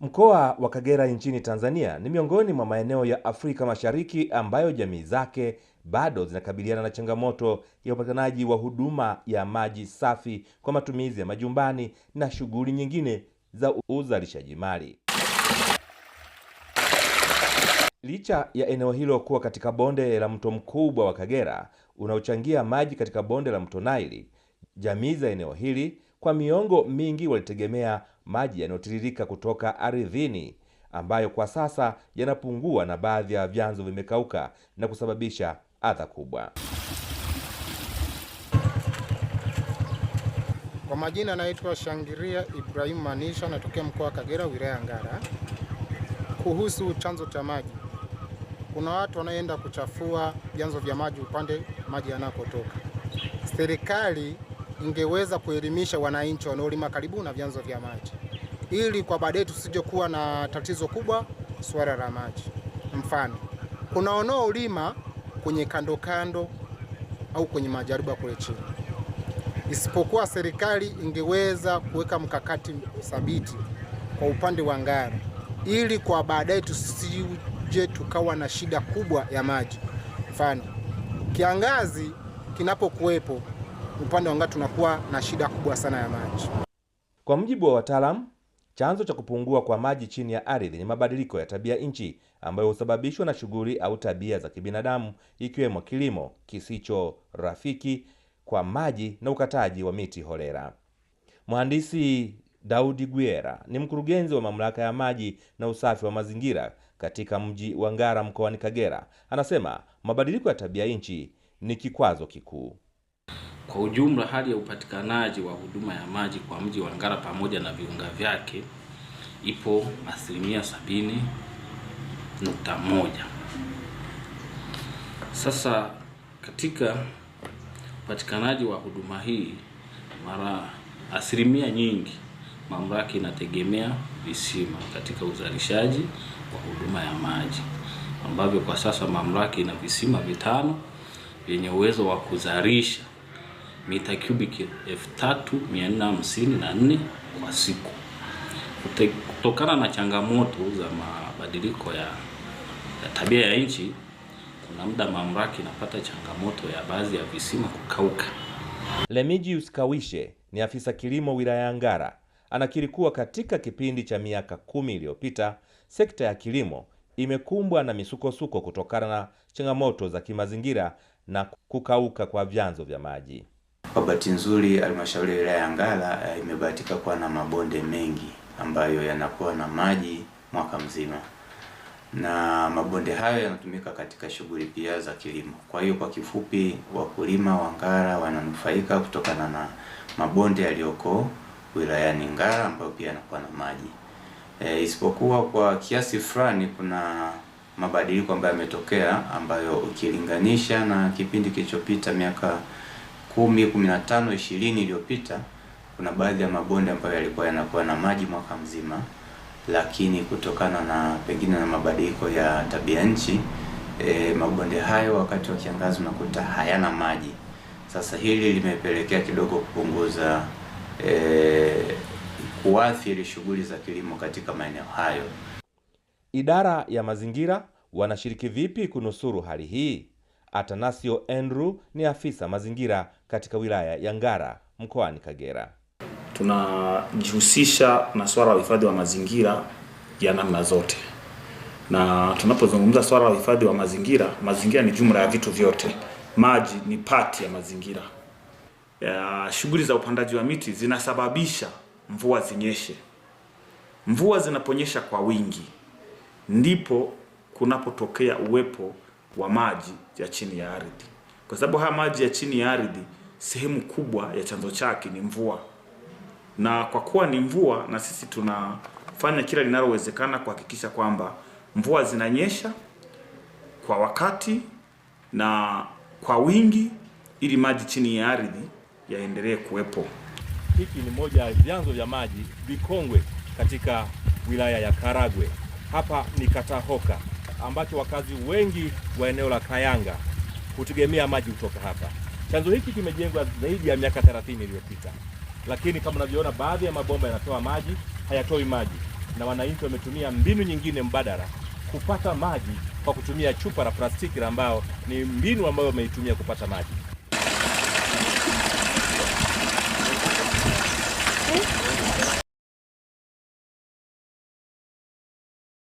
Mkoa wa Kagera nchini Tanzania ni miongoni mwa maeneo ya Afrika Mashariki ambayo jamii zake bado zinakabiliana na changamoto ya upatikanaji wa huduma ya maji safi kwa matumizi ya majumbani na shughuli nyingine za uzalishaji mali. Licha ya eneo hilo kuwa katika bonde la mto mkubwa wa Kagera unaochangia maji katika bonde la mto Naili, jamii za eneo hili kwa miongo mingi walitegemea maji yanayotiririka kutoka ardhini ambayo kwa sasa yanapungua na baadhi ya vyanzo vimekauka na kusababisha adha kubwa. Kwa majina anaitwa Shangiria Ibrahimu Manisha, natokea mkoa wa Kagera, wilaya ya Ngara. Kuhusu chanzo cha maji, kuna watu wanaoenda kuchafua vyanzo vya maji upande maji yanakotoka. Serikali ingeweza kuelimisha wananchi wanaolima karibu na vyanzo vya maji, ili kwa baadaye tusije kuwa na tatizo kubwa swala la maji. Mfano, kuna wanaolima kwenye kando kando au kwenye majaruba kule chini, isipokuwa serikali ingeweza kuweka mkakati thabiti kwa upande wa Ngara ili kwa baadaye tusije tukawa na shida kubwa ya maji. Mfano, kiangazi kinapokuwepo upande wa Ngara tunakuwa na shida kubwa sana ya maji. Kwa mjibu wa wataalamu, chanzo cha kupungua kwa maji chini ya ardhi ni mabadiliko ya tabia nchi ambayo husababishwa na shughuli au tabia za kibinadamu ikiwemo kilimo kisicho rafiki kwa maji na ukataji wa miti holela. Mhandisi Daudi guiera ni mkurugenzi wa mamlaka ya maji na usafi wa mazingira katika mji wa Ngara mkoani Kagera. Anasema mabadiliko ya tabia nchi ni kikwazo kikuu. Kwa ujumla, hali ya upatikanaji wa huduma ya maji kwa mji wa Ngara pamoja na viunga vyake ipo asilimia sabini nukta moja. Sasa katika upatikanaji wa huduma hii mara asilimia nyingi mamlaka inategemea visima katika uzalishaji wa huduma ya maji, ambavyo kwa sasa mamlaka ina visima vitano vyenye uwezo wa kuzalisha mita cubic 3454 kwa siku. Kutokana na changamoto za mabadiliko ya, ya tabia ya nchi, kuna muda mamlaka inapata changamoto ya baadhi ya visima kukauka. Lemijius Kawishe ni afisa kilimo wilaya ya Ngara, anakiri kuwa katika kipindi cha miaka kumi iliyopita sekta ya kilimo imekumbwa na misukosuko kutokana na changamoto za kimazingira na kukauka kwa vyanzo vya maji. Kwa bahati nzuri, halmashauri ya wilaya ya Ngara eh, imebahatika kuwa na mabonde mengi ambayo yanakuwa na maji mwaka mzima, na mabonde hayo yanatumika katika shughuli pia za kilimo. Kwa hiyo kwa kifupi, wakulima wa Ngara wananufaika kutokana na mabonde yaliyoko wilayani Ngara ambayo pia yanakuwa na maji e, isipokuwa kwa kiasi fulani kuna mabadiliko ambayo yametokea ambayo ukilinganisha na kipindi kilichopita miaka kumi, kumi na tano, ishirini iliyopita kuna baadhi ya mabonde ambayo yalikuwa yanakuwa na maji mwaka mzima, lakini kutokana na pengine na mabadiliko ya tabia nchi e, mabonde hayo wakati wa kiangazi unakuta hayana maji. Sasa hili limepelekea kidogo kupunguza e, kuathiri shughuli za kilimo katika maeneo hayo. Idara ya mazingira wanashiriki vipi kunusuru hali hii? Atanasio Andrew ni afisa mazingira katika wilaya ya Ngara mkoani Kagera. Tunajihusisha na swala la uhifadhi wa mazingira ya namna zote, na tunapozungumza swala la uhifadhi wa mazingira, mazingira ni jumla ya vitu vyote. Maji ni pati ya mazingira. Shughuli za upandaji wa miti zinasababisha mvua zinyeshe. Mvua zinaponyesha kwa wingi, ndipo kunapotokea uwepo wa maji ya chini ya ardhi, kwa sababu haya maji ya chini ya ardhi sehemu kubwa ya chanzo chake ni mvua, na kwa kuwa ni mvua, na sisi tunafanya kila linalowezekana kuhakikisha kwamba mvua zinanyesha kwa wakati na kwa wingi, ili maji chini ya ardhi yaendelee kuwepo. Hiki ni moja ya vyanzo vya maji vikongwe katika wilaya ya Karagwe. Hapa ni Katahoka ambacho wakazi wengi wa eneo la Kayanga hutegemea maji kutoka hapa. Chanzo hiki kimejengwa zaidi ya miaka 30 iliyopita, lakini kama unavyoona, baadhi ya mabomba yanatoa maji, hayatoi maji, na wananchi wametumia mbinu nyingine mbadala kupata maji kwa kutumia chupa la plastiki la mbao. Ni mbinu ambayo wameitumia kupata maji.